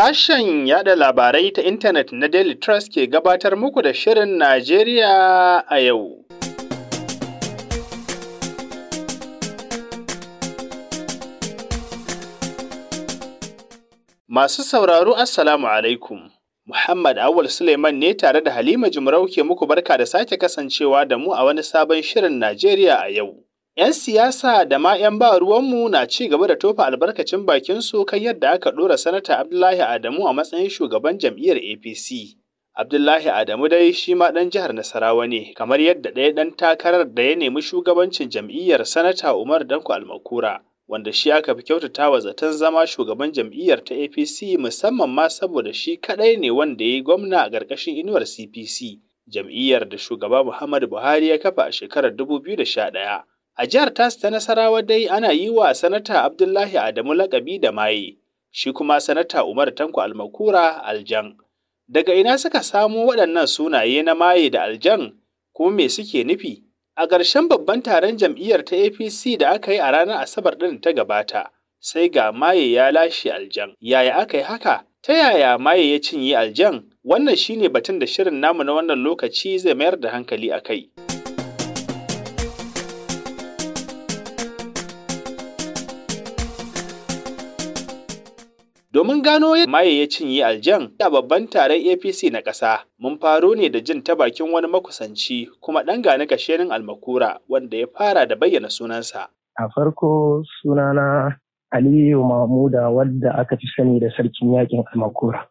Sashen yada labarai ta intanet na Daily Trust ke gabatar muku da Shirin Najeriya a yau. Masu sauraro Assalamu alaikum. Muhammad Awul Suleiman ne tare da Halima Jumrau ke muku barka da sake kasancewa da mu a wani sabon Shirin Najeriya a yau. ‘Yan siyasa da ma ‘yan ba ruwanmu na ci gaba da tofa albarkacin bakinsu kan yadda aka ɗora Sanata Abdullahi Adamu a matsayin shugaban jam'iyyar APC. Abdullahi Adamu dai shi ma ɗan jihar Nasarawa ne, kamar yadda ɗaya ɗan takarar da ya nemi shugabancin jam'iyyar Sanata Umar Danko Almakura, wanda shi aka fi kyautata wa zaton zama shugaban jam'iyyar ta APC musamman ma saboda shi kaɗai ne wanda ya yi gwamna a ƙarƙashin inuwar CPC, jam'iyyar da shugaba Muhammadu Buhari ya kafa a shekarar 2011. A jihar tasu ta Nasarawa dai ana yi wa Sanata Abdullahi Adamu lakabi da maye, shi kuma Sanata Umar Tanko Almakura Aljan. Daga ina suka samo waɗannan sunaye na maye da Aljan kuma me suke nufi? A ƙarshen babban taron jam'iyyar ta APC da aka yi a ranar Asabar ɗin ta gabata, sai ga maye ya lashe Aljan. Yaya aka yi haka? Ta yaya maye ya cinye Aljan? Wannan shine batun da shirin namu na wannan lokaci zai mayar da hankali a kai. mun gano yadda maye ya cinye aljan a babban taron APC na ƙasa, mun faro ne da jin ta bakin wani makusanci kuma ɗan gane kashenin almakura wanda ya fara da bayyana sunansa. A farko sunana Aliyu Mahmuda wadda aka fi sani da sarkin yakin almakura.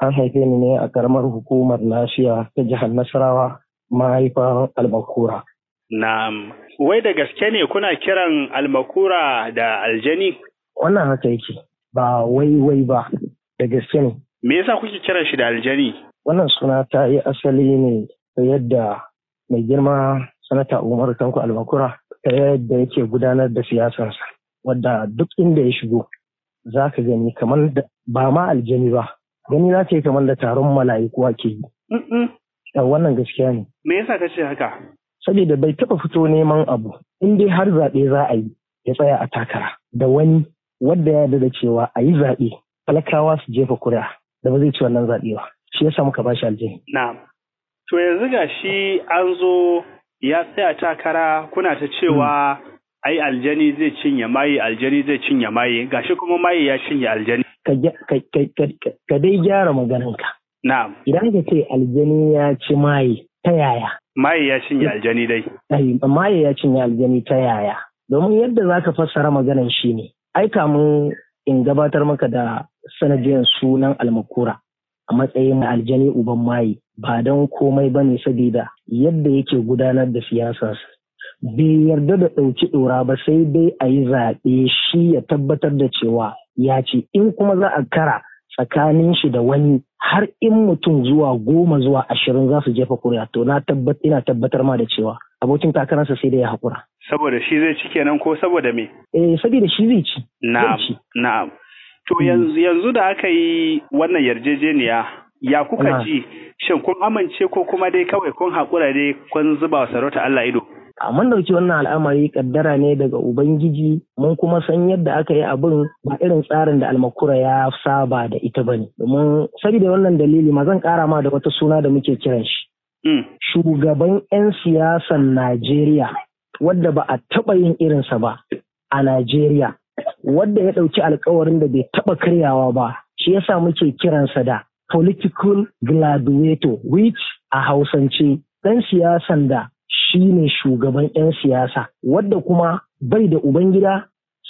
An haife ni ne a karamar hukumar nasiya ta jihar Nasarawa mahaifan almakura. Na'am, wai da gaske ne kuna kiran almakura da aljani? Wannan haka yake. ba wai wai ba da gaske ne. Me yasa kuke kiran shi da aljani? Wannan suna ta yi asali ne ta yadda mai girma sanata Umaru Tanko Almakura ta yadda yake gudanar da siyasarsa wadda duk inda ya shigo za ka gani kamar ba ma aljani ba gani za ka yi kamar da taron mala'iku ake yi. Wannan gaskiya ne. Me yasa ka ce haka? Saboda bai taɓa fito neman abu in dai har zaɓe za a yi ya tsaya a takara da wani wadda ya da cewa a yi zaɓe talakawa su jefa kuri'a da ba zai ci wannan zaɓe ba shi ya muka ba shi aljihun. Na'am. To yanzu ga shi an zo ya tsaya takara kuna ta cewa hmm. ai aljani zai cinye maye aljani zai cinye maye gashi kuma maye ya cinye aljani. Ka dai gyara maganin ka. Na'am. Idan ka ce aljani ya ci maye ta yaya? Maye ya cinye aljani dai. Maye ya cinye aljani ta yaya? Domin yadda za ka fassara maganan shi ne, aika mu in gabatar maka da sanadiyar sunan almakura a matsayin aljani uban mayi ba don komai ba ne saboda yadda yake gudanar da siyasarsa bai yarda da ɗauki ɗora ba sai dai a yi zaɓe shi ya tabbatar da cewa ya ce in kuma za a kara tsakanin shi da wani har in mutum zuwa goma zuwa ashirin za su jefa kuri'a to na tabbatar tabbatar ma da cewa abokin takararsa sai dai ya haƙura saboda shi zai ci kenan ko saboda me eh saboda shi zai ci na'am na'am to hmm. yanzu da aka yi wannan yarjejeniya ya kuka ji shin kun amince ko kuma dai kawai kun haƙura dai kun zuba wa sarauta Allah ido mun dauki wannan al'amari kaddara ne daga ubangiji mun kuma san yadda aka yi abin ba irin tsarin da almakura ya saba da ita bane domin saboda wannan dalili ma zan kara ma da wata suna da muke kiran shi hmm. shugaban 'yan siyasan najeriya wadda ba a taɓa yin irinsa ba a Najeriya, wadda ya ɗauki alkawarin da bai taɓa karyawa ba, shi yasa muke kiransa da political gladiator, which a Hausance ɗan siyasan da shi ne shugaban 'yan siyasa, wadda kuma bai da uban gida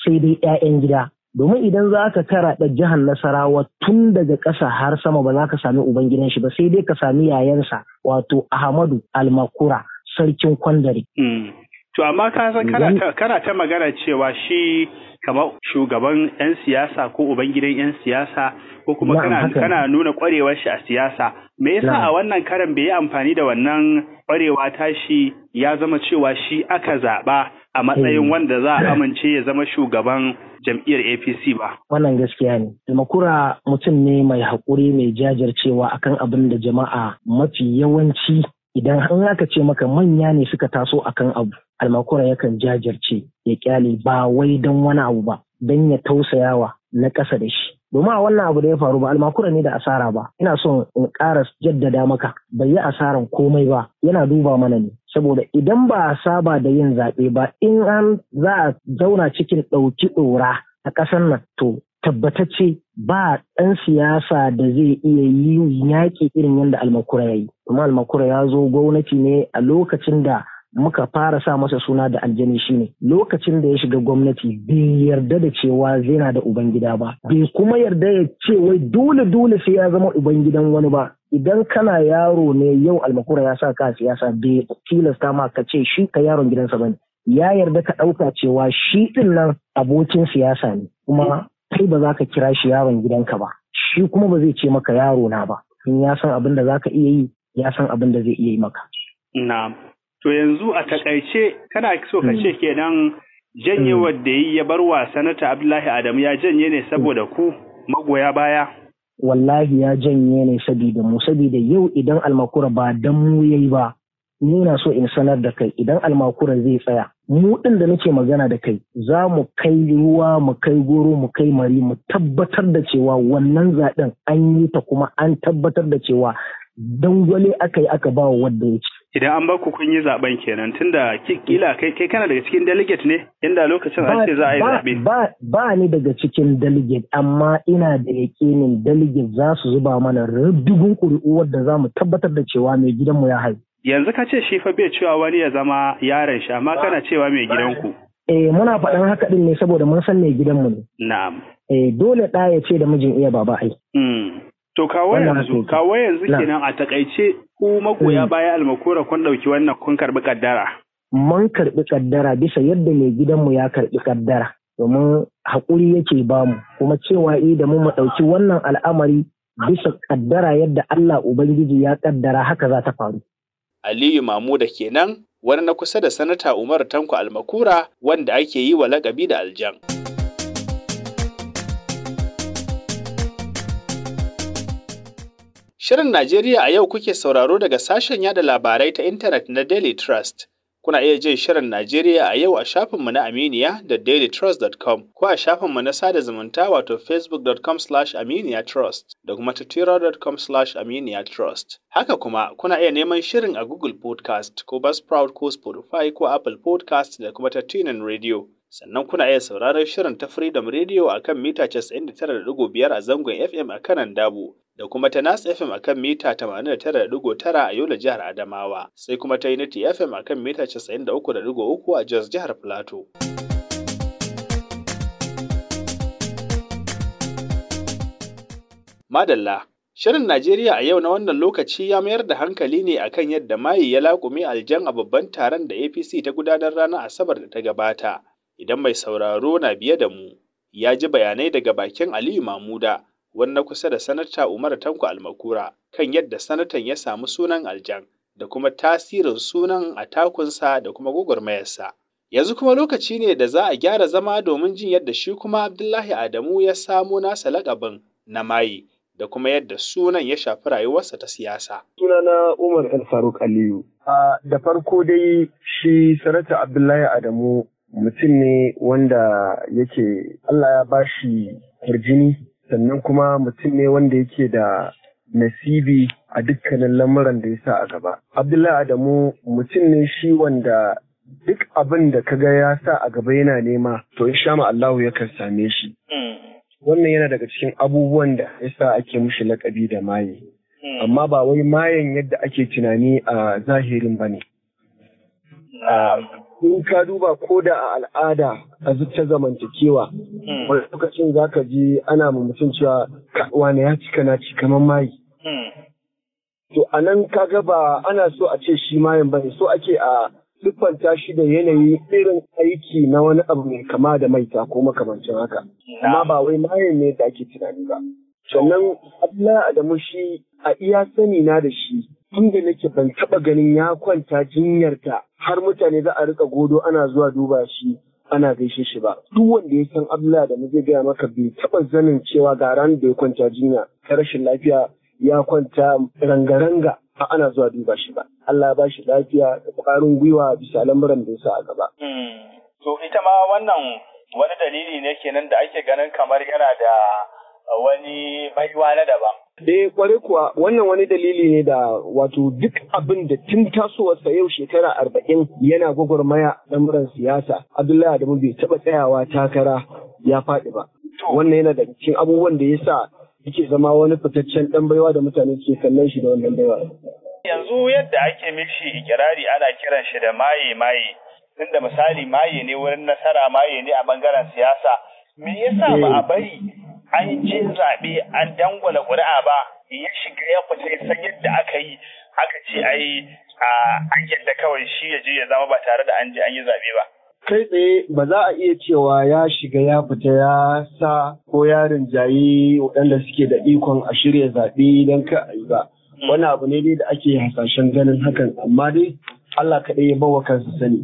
sai dai 'ya'yan gida. Domin idan za ka karaɗa jihar Nasarawa tun daga ƙasa har sama ba za ka sami Ubangidan shi ba sai dai ka sami yayansa wato Ahmadu Almakura sarkin kwandare. Mm. To amma ka san kana ta magana cewa shi kamar shugaban 'yan siyasa ko ubangidan 'yan siyasa ko kuma kana nuna kwarewar shi a siyasa. Me yasa a wannan karan bai yi amfani da wannan kwarewa shi ya zama cewa shi aka zaɓa a matsayin eh. wanda za a amince ya zama shugaban jam'iyyar APC ba. Wannan gaskiya ne. Makura mutum ne mai haƙuri mai jajircewa akan abin da jama'a mafi yawanci idan an aka ce maka manya ne suka taso akan abu almakura yakan jajirce ya kyale ba wai don wani abu ba don ya tausayawa na ƙasa da shi domin a wannan abu da ya faru ba almakura ne da asara ba ina son in ƙara jaddada maka bai yi asaran komai ba yana duba mana ne saboda idan ba a saba da yin zaɓe ba in an za a zauna cikin ɗauki ɗora a ƙasar nan to tabbatacce ba ɗan siyasa da zai iya yi yaƙi irin yadda almakura ya yi. Kuma almakura ya zo gwamnati ne a lokacin da muka fara sa masa suna da aljani ne lokacin da ya shiga gwamnati bai yarda da cewa zai na da ubangida ba bai kuma yarda ya ce wai dole dole sai ya zama ubangidan wani ba idan kana yaro ne yau almakura ya sa ka siyasa bai tilasta ma ka ce shi ka yaron gidansa bane ya yarda ka ɗauka cewa shi ɗin nan abokin siyasa ne kuma kai ba za ka kira shi yaron gidanka ba shi kuma ba zai ce maka yaro na ba in ya san abin da za ka iya yi ya san abin da zai iya yi maka. Na, to yanzu a takaice kana so ka ce hmm. kenan janyewar hmm. da yi ya bar wa sanata Abdullahi Adamu ya janye ne saboda ku magoya baya? Wallahi ya janye ne saboda mu saboda yau idan almakura ba dan mu yayi ba ni na so in sanar da kai idan almakura zai tsaya mu din da nake magana da kai za mu kai ruwa mu kai goro mu kai mari mu tabbatar da cewa wannan zaɓen an yi ta kuma an tabbatar da cewa dangwale aka yi aka ba wa wanda ya ci idan an baku kun yi zaben kenan tunda kila kai kai kana daga cikin delegate ne inda lokacin an ce za a yi zaɓe. ba ni daga cikin delegate amma ina da yakinin delegate za su zuba mana rubdugun kuri'u wadda za mu tabbatar da cewa mai gidanmu ya haihu yanzu ka ce shi fa bai cewa wani ya zama yaron shi amma kana cewa mai gidanku eh muna faɗan haka din ne saboda mun san mai gidanmu ne na'am eh dole ɗa ya ce da mijin iya baba ai hmm. to kawo yanzu kawo yanzu kenan a takaice ku magoya hmm. baya almakora kun ɗauki wannan kun karɓi kaddara mun karɓi kaddara bisa yadda mai gidanmu ya karɓi kaddara domin haƙuri yake bamu kuma cewa eh da mu mu ɗauki wannan al'amari bisa kaddara yadda Allah Ubangiji ya kaddara haka za ta faru. Aliyu Mamuda kenan wani na kusa da sanata Umar Tanko Almakura wanda ake yi wa lakabi da aljan. Shirin Najeriya a yau kuke sauraro daga sashen yada labarai ta intanet na Daily Trust. Kuna iya jin shirin Najeriya a yau a shafinmu na Aminiya da dailytrust.com ko a shafinmu na sada zumunta wato facebook.com slash aminiyatrust da kuma twitter.com slash aminiyatrust. Haka kuma kuna iya neman shirin a Google Podcast ko Buzzsprout ko Spotify ko Apple Podcast da kuma ta tunin Radio. Sannan kuna iya sauraron shirin ta Freedom Radio a kan mita 99.5 a zangon FM a kanan Dabo da kuma ta nas FM akan mita 89.9 a Yola jihar Adamawa sai kuma ta Unity FM akan mita 93.3 a Jos jihar Plateau. Madalla Shirin Najeriya a yau na wannan lokaci ya mayar da hankali ne akan yadda mayi ya laƙumi aljan a babban taron da APC ta gudanar ranar Asabar da ta gabata. Idan mai sauraro na biye da mu, ya ji bayanai daga bakin Aliyu Mamuda, wani na kusa da sanata Umar Tanko Almakura kan yadda sanatan ya samu sunan aljan da kuma tasirin sunan a takunsa da kuma gwagwarmayarsa. Yanzu kuma lokaci ne da za a gyara zama domin jin yadda shi kuma Abdullahi Adamu ya samu nasa lakabin na mayi da kuma yadda sunan ya shafi rayuwarsa ta siyasa. Sunana Umar El Faruk Aliyu. da farko dai shi sanata Abdullahi Adamu mutum ne wanda yake Allah ya bashi shi sannan kuma mutum ne wanda yake da nasibi a dukkanin lamuran da ya sa a gaba. Abdullahi Adamu mutum ne shi wanda duk abin da kaga ya sa a gaba yana nema to in sha Allahu yakan same shi. Mm. Wannan yana daga cikin abubuwan da ya sa ake mushi lakabi da maye. Mm. Amma ba wai mayen yadda ake tunani a zahirin ba ne. Mm. in ka duba ko da a al'ada a zuciyar zamantakewa hmm. wani lokacin za ka ji ana ma mutum cewa wane ya cika na ci kamar mayi hmm. to a nan ka gaba, ana so a ce shi mayan ba so ake a siffanta shi da yanayi irin aiki na wani abu mai kama da maita ko makamancin haka amma ba wai mayan ne da ake tunani ba sannan Abdullahi Adamu shi a iya sani na da shi inda nake ban taɓa ganin ya kwanta jinyar ta, har mutane za a rika godo ana zuwa duba shi ana gaishe shi ba duk wanda ya san allah da muke gaya maka bai taba zanin cewa ga ran da ya kwanta jinya ta rashin lafiya ya kwanta rangaranga ba ana zuwa duba shi ba Allah ba shi lafiya da ƙarin gwiwa bisa lamuran da ya sa a gaba. Hmm. To ita ma wannan wani dalili ne kenan da ake ganin kamar yana da wani baiwa na daban. Eh kware kuwa wannan wani dalili ne da wato duk abin da tun tasowarsa yau shekara arba'in yana gwagwarmaya lamuran siyasa Abdullahi Adamu bai taɓa tsayawa takara ya faɗi ba. Wannan yana da cikin abubuwan da ya sa yake zama wani fitaccen ɗan baiwa da mutane ke kallon shi da wannan baiwa. Yanzu yadda ake mishi ikirari ana kiran shi da maye maye tunda misali maye ne wurin nasara maye ne a bangaren siyasa me yasa ba a eh. bari an ce zaɓe an dangwala ƙuri'a ba ya shiga ya fita san yadda aka yi aka ce ai an yadda kawai shi ya je ya zama ba tare da an je an yi zaɓe ba. Kai tsaye ba za a iya cewa ya shiga ya fita ya sa ko ya rinjayi waɗanda suke da ikon a shirya zaɓe don ka a yi ba. Wani abu ne dai da ake hasashen ganin hakan amma dai Allah kaɗai ya bawa kansa sani.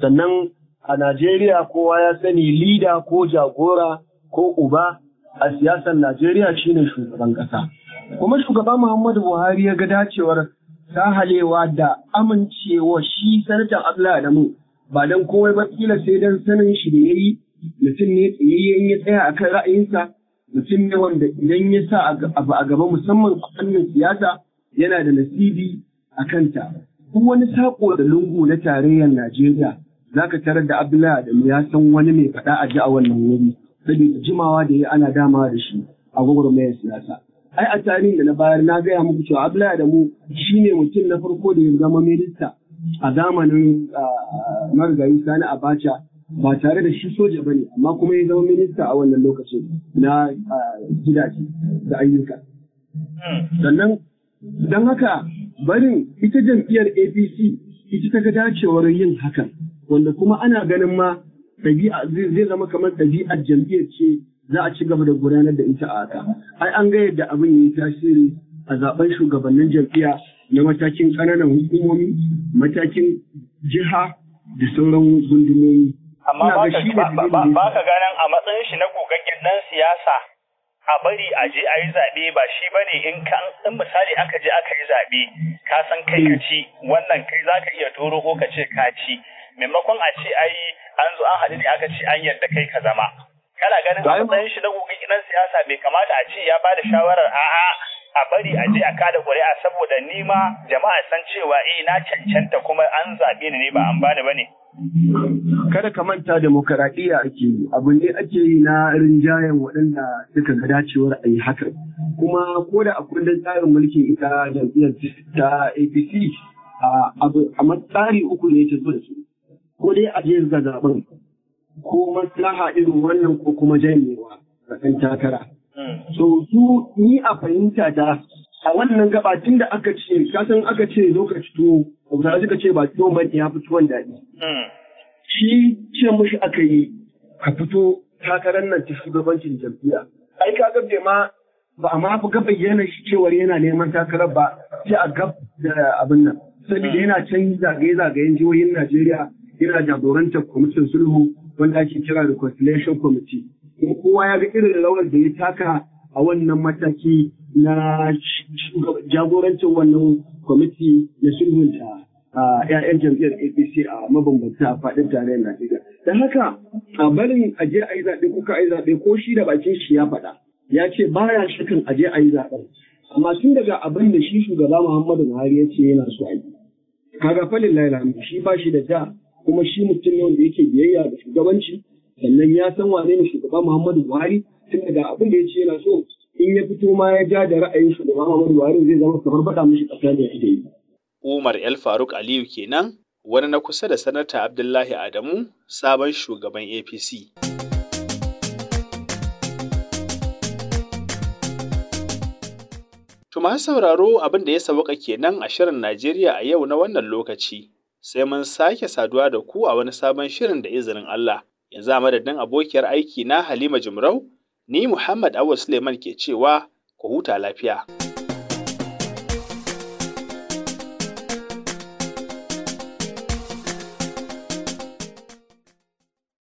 Sannan a Najeriya kowa ya sani lida ko jagora ko uba a siyasar Najeriya shine shugaban ƙasa. Kuma shugaba Muhammadu Buhari ya ga dacewar sahalewa da amincewa shi sanatan Abdullahi Adamu ba don komai ba kila sai don sanin shi da yayi mutum ne tsayayyen ya tsaya akan ra'ayinsa mutum ne wanda idan ya sa abu a gaba musamman fannin siyasa yana da nasibi a kanta. Kuma wani sako da lungu na tarayyar Najeriya zaka tarar da Abdullahi Adamu ya san wani mai faɗa a ji a wannan wuri. saboda jimawa da ya ana dama da shi a gwagwarmayar siyasa. Ai a tarihin da na bayar na gaya muku cewa Abdullahi Adamu shi ne mutum na farko da ya zama minista a zamanin Margari Sani Abacha ba tare da shi soja ba ne amma kuma ya zama minista a wannan lokacin na gidaje da ayyuka. Sannan don haka barin ita jam'iyyar APC ita ta ga dacewar yin hakan wanda kuma ana ganin ma ɗabi'a zai zama kamar ɗabi'ar jam'iyyar ce za a ci gaba da gudanar da ita a haka. Ai an ga yadda abin ya yi tasiri a zaben shugabannin jam'iyya na matakin ƙananan hukumomi, matakin jiha da sauran gundumomi. Amma ba ka ganin a matsayin shi na gogaggen ɗan siyasa a bari a je a yi zaɓe ba shi ba ne in misali aka je aka yi zaɓe ka san kai ka ci wannan kai za ka iya toro ko ka ce ka ci maimakon a ce a yi an zo an haɗu ne aka ce an yarda kai ka zama kana ganin a matsayin shi na dan siyasa bai kamata a ce ya ba da shawarar a'a a bari a je a kada ƙuri'a saboda ni ma jama'a san cewa eh na cancanta kuma an zaɓe ni ne ba an bani bane kada ka manta demokaradiyya ake yi abu ne ake yi na rinjayen waɗanda suka ga dacewar a yi hakan kuma ko da a kundin tsarin mulkin ita jam'iyyar ta apc a tsari uku ne ta zo da su ko dai a je ga zaɓen ko maslaha irin wannan ko kuma janyewa a kan takara. Hmm. So su ni a fahimta ta a wannan gaba tun da aka ce kasan aka ce lokaci tuwo hausawa suka ce ba tuwon ba ya fi tuwon daɗi. Hmm. Shi ce mushi aka yi ka fito takarar nan ta shugabancin jam'iyya. Ai ka bai ma ba a ma fi ga bayyana shi cewar yana neman takarar ba sai a gab da abin nan. Saboda hmm. yana can zagaye-zagayen jihohin Najeriya yana jagorantar kwamitin sulhu wanda ake kira da conciliation committee kuma kowa ya ga irin rawar da ya taka a wannan mataki na jagorancin wannan kwamiti na sulhunta ‘ya'yan jam'iyyar APC a mabambanta faɗin tarayyar Najeriya. da haka a barin aje a yi zaɓe kuka a yi zaɓe ko shi da bakin shi ya faɗa ya ce baya shakan aje a yi zaɓen. Amma tun daga abin da shi shugaba Muhammadu Buhari ya ce yana so a yi. Kaga falin lailami shi ba shi da ja kuma shi mutum ne wanda yake biyayya da shugabanci sannan ya san wane ne shugaba Muhammadu Buhari tunda da abin da ya ce yana so in ya fito ma ya ja da ra'ayin shugaba Muhammadu Buhari zai zama kamar faɗa mishi ƙasa ne ita yi. Umar El Faruk Aliyu kenan wani na kusa da sanata Abdullahi Adamu sabon shugaban APC. Tuma sauraro abin da ya sauka kenan a shirin Najeriya a yau na wannan lokaci. sai mun sake saduwa da ku a wani sabon shirin da izinin Allah. Yanzu a madadin abokiyar aiki na Halima Jimrau, ni Muhammad Awul Suleiman ke cewa ku huta lafiya.